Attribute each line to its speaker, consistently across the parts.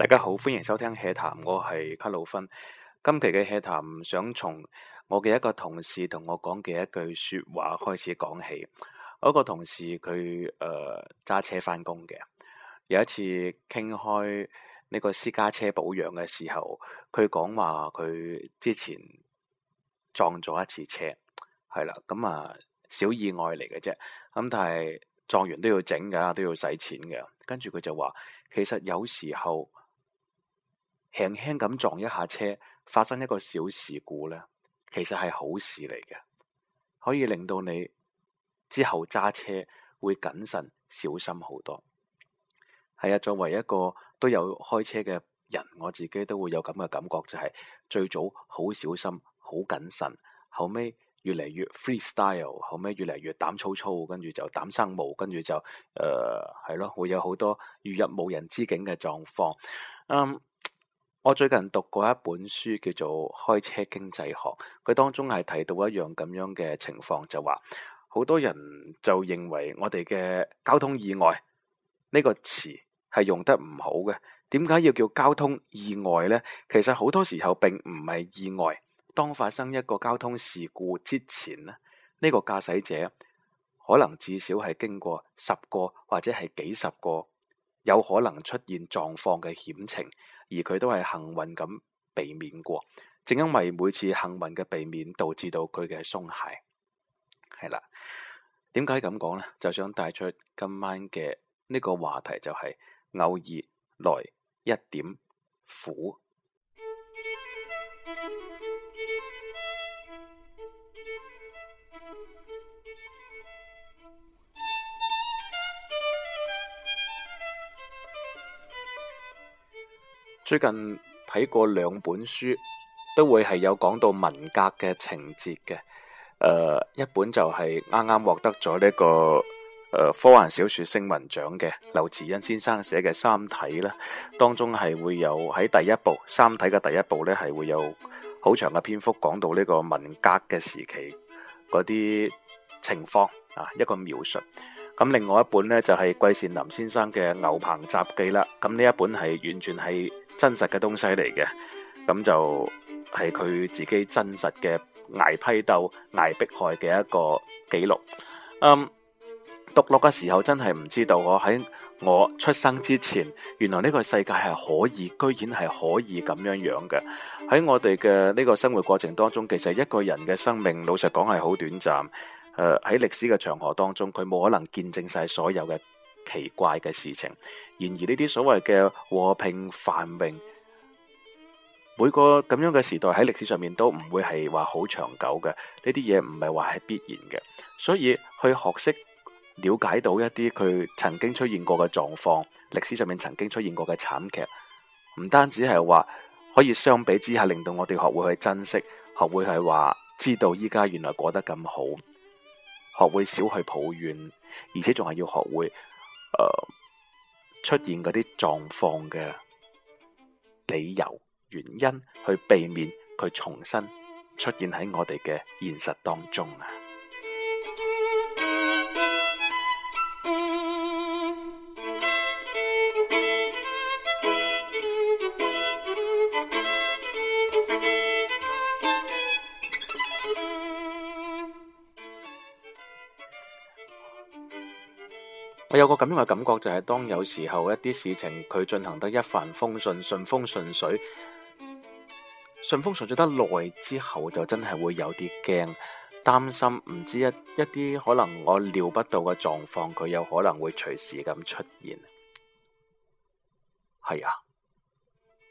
Speaker 1: 大家好，歡迎收聽《喜談》，我係卡魯芬。今期嘅《喜談》想從我嘅一個同事同我講嘅一句說話開始講起。嗰、那個同事佢誒揸車翻工嘅，有一次傾開呢個私家車保養嘅時候，佢講話佢之前撞咗一次車，係啦咁啊小意外嚟嘅啫。咁但係撞完都要整噶，都要使錢嘅。跟住佢就話，其實有時候。輕輕咁撞一下車，發生一個小事故咧，其實係好事嚟嘅，可以令到你之後揸車會謹慎小心好多。係啊，作為一個都有開車嘅人，我自己都會有咁嘅感覺，就係、是，最早好小心、好謹慎，後尾越嚟越 freestyle，後尾越嚟越膽粗粗，跟住就膽生毛，跟住就誒係咯，會有好多如入無人之境嘅狀況。嗯。我最近讀過一本書，叫做《開車經濟學》。佢當中係提到一樣咁樣嘅情況，就話好多人就認為我哋嘅交通意外呢個詞係用得唔好嘅。點解要叫交通意外呢？其實好多時候並唔係意外。當發生一個交通事故之前呢，呢個駕駛者可能至少係經過十個或者係幾十個有可能出現狀況嘅險情。而佢都係幸運咁避免過，正因為每次幸運嘅避免，導致到佢嘅鬆懈，係啦。點解咁講咧？就想帶出今晚嘅呢個話題，就是，就係偶爾來一點苦。最近睇過兩本書，都會係有講到文革嘅情節嘅。誒、呃，一本就係啱啱獲得咗呢、這個誒、呃、科幻小說星文獎嘅劉慈欣先生寫嘅《三體》啦，當中係會有喺第一部《三體》嘅第一部咧，係會有好長嘅篇幅講到呢個文革嘅時期嗰啲情況啊，一個描述。咁另外一本咧就係、是、季羨林先生嘅《牛棚雜記》啦。咁呢一本係完全係，真實嘅東西嚟嘅，咁就係佢自己真實嘅挨批鬥、挨迫害嘅一個記錄。嗯，讀落嘅時候真係唔知道我喺我出生之前，原來呢個世界係可以，居然係可以咁樣樣嘅。喺我哋嘅呢個生活過程當中，其實一個人嘅生命老實講係好短暫。誒、呃，喺歷史嘅長河當中，佢冇可能見證晒所有嘅。奇怪嘅事情，然而呢啲所謂嘅和平繁榮，每個咁樣嘅時代喺歷史上面都唔會係話好長久嘅，呢啲嘢唔係話係必然嘅，所以去學識了解到一啲佢曾經出現過嘅狀況，歷史上面曾經出現過嘅慘劇，唔單止係話可以相比之下令到我哋學會去珍惜，學會係話知道依家原來過得咁好，學會少去抱怨，而且仲係要學會。出現嗰啲狀況嘅理由、原因，去避免佢重新出現喺我哋嘅現實當中啊！有個咁樣嘅感覺，就係當有時候一啲事情佢進行得一帆風順、順風順水、順風順水得耐之後，就真係會有啲驚、擔心，唔知一一啲可能我料不到嘅狀況，佢有可能會隨時咁出現。係啊，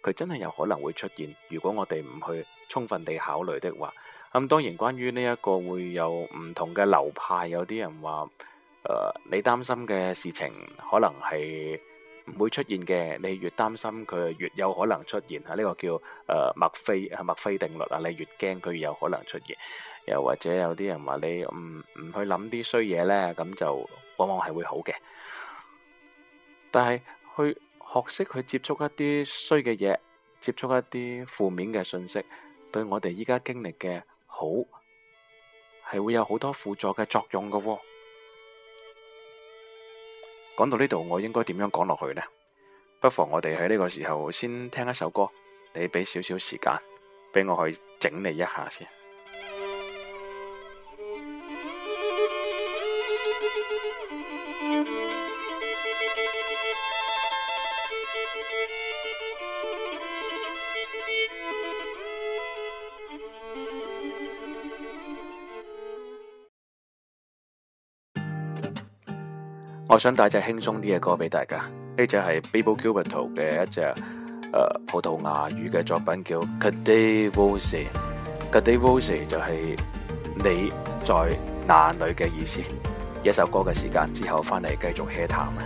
Speaker 1: 佢真係有可能會出現。如果我哋唔去充分地考慮的話，咁、嗯、當然關於呢一個會有唔同嘅流派，有啲人話。誒、呃，你擔心嘅事情可能係唔會出現嘅，你越擔心佢越有可能出現，啊、這、呢個叫誒墨、呃、菲係墨菲定律啊，你越驚佢有可能出現，又或者有啲人話你唔唔、嗯、去諗啲衰嘢呢，咁就往往係會好嘅。但係去學識去接觸一啲衰嘅嘢，接觸一啲負面嘅信息，對我哋依家經歷嘅好係會有好多輔助嘅作用㗎喎。講到呢度，我應該點樣講落去呢？不妨我哋喺呢個時候先聽一首歌，你俾少少時間，俾我去整理一下先。我想帶隻輕鬆啲嘅歌俾大家，呢隻係 Bebel Gilberto 嘅一隻誒、呃、葡萄牙語嘅作品，叫 Cadê você？Cadê você 就係、是、你在哪裏嘅意思。一首歌嘅時間之後回來繼，翻嚟繼續 hea 談啊！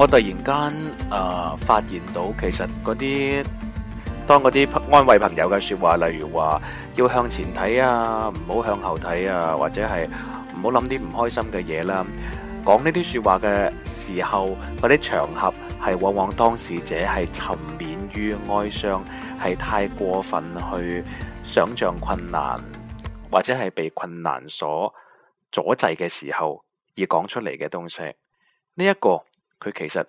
Speaker 1: 我突然間誒、呃、發現到，其實嗰啲當嗰啲安慰朋友嘅說話，例如話要向前睇啊，唔好向後睇啊，或者係唔好諗啲唔開心嘅嘢啦。講呢啲說話嘅時候，嗰啲場合係往往當事者係沉湎於哀傷，係太過分去想象困難，或者係被困難所阻滯嘅時候而講出嚟嘅東西呢一、這個。佢其實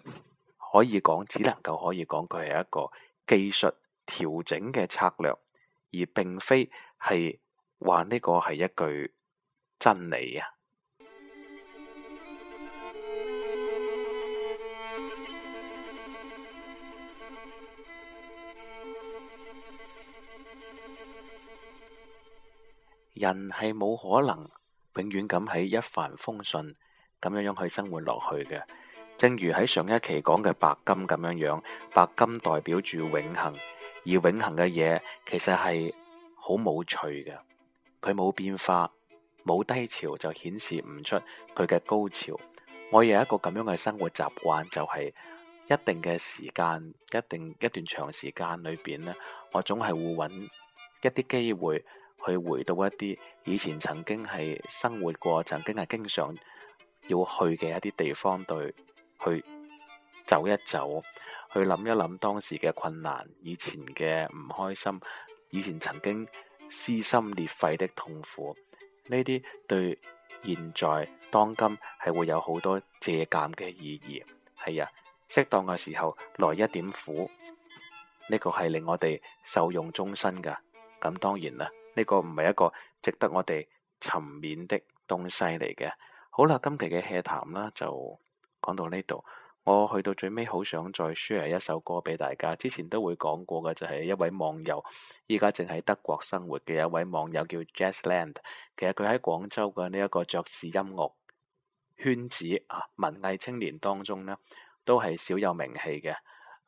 Speaker 1: 可以講，只能夠可以講，佢係一個技術調整嘅策略，而並非係話呢個係一句真理啊！人係冇可能永遠咁喺一帆風順咁樣樣去生活落去嘅。正如喺上一期講嘅白金咁樣樣，白金代表住永恆，而永恆嘅嘢其實係好冇趣嘅，佢冇變化，冇低潮就顯示唔出佢嘅高潮。我有一個咁樣嘅生活習慣，就係一定嘅時間，一定一段長時間裏邊咧，我總係會揾一啲機會去回到一啲以前曾經係生活過、曾經係經常要去嘅一啲地方，對。去走一走，去諗一諗當時嘅困難，以前嘅唔開心，以前曾經撕心裂肺的痛苦，呢啲對現在當今係會有好多借鑒嘅意義。係啊，適當嘅時候來一點苦，呢個係令我哋受用終身噶。咁當然啦，呢個唔係一個值得我哋沉緬的東西嚟嘅。好啦，今期嘅客談啦就。講到呢度，我去到最尾，好想再 share 一首歌俾大家。之前都會講過嘅，就係一位網友，依家正喺德國生活嘅一位網友叫 Jess Land。其實佢喺廣州嘅呢一個爵士音樂圈子啊，文藝青年當中呢，都係小有名氣嘅。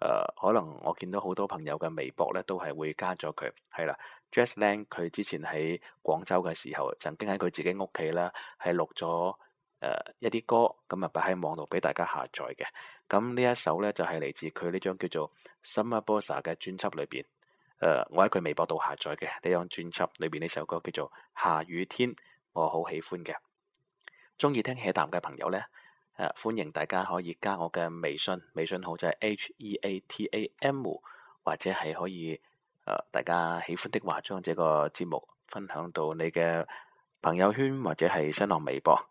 Speaker 1: 誒、呃，可能我見到好多朋友嘅微博呢，都係會加咗佢。係啦，Jess Land 佢之前喺廣州嘅時候，曾經喺佢自己屋企啦，係錄咗。誒、uh,，一啲歌咁啊，擺喺網度俾大家下載嘅。咁呢一首呢，就係、是、嚟自佢呢張叫做《Summer Bossa》嘅專輯裏邊。誒、uh,，我喺佢微博度下載嘅呢張專輯裏邊呢首歌叫做《下雨天》，我好喜歡嘅。中意聽喜淡嘅朋友呢，誒、uh,，歡迎大家可以加我嘅微信，微信號就係 h e a t a m，或者係可以誒，uh, 大家喜歡的話，將這個節目分享到你嘅朋友圈或者係新浪微博。